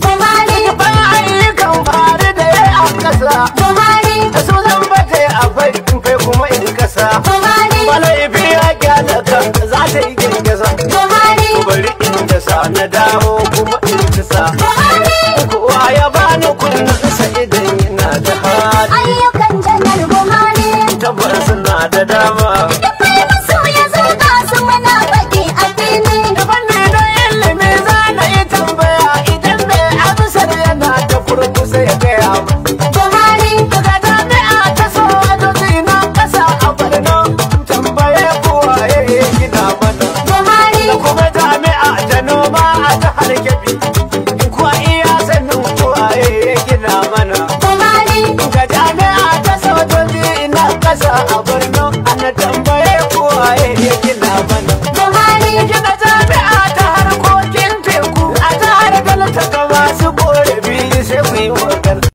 Buhari ban ayyukan fari da ya a kasa. Buhari da a bai kuma in za ta yi girgiza. Buhari bari in kasa na in ya bani kunna kasa idan yana da Ayyukan janar Buhari tabbas na da dama. you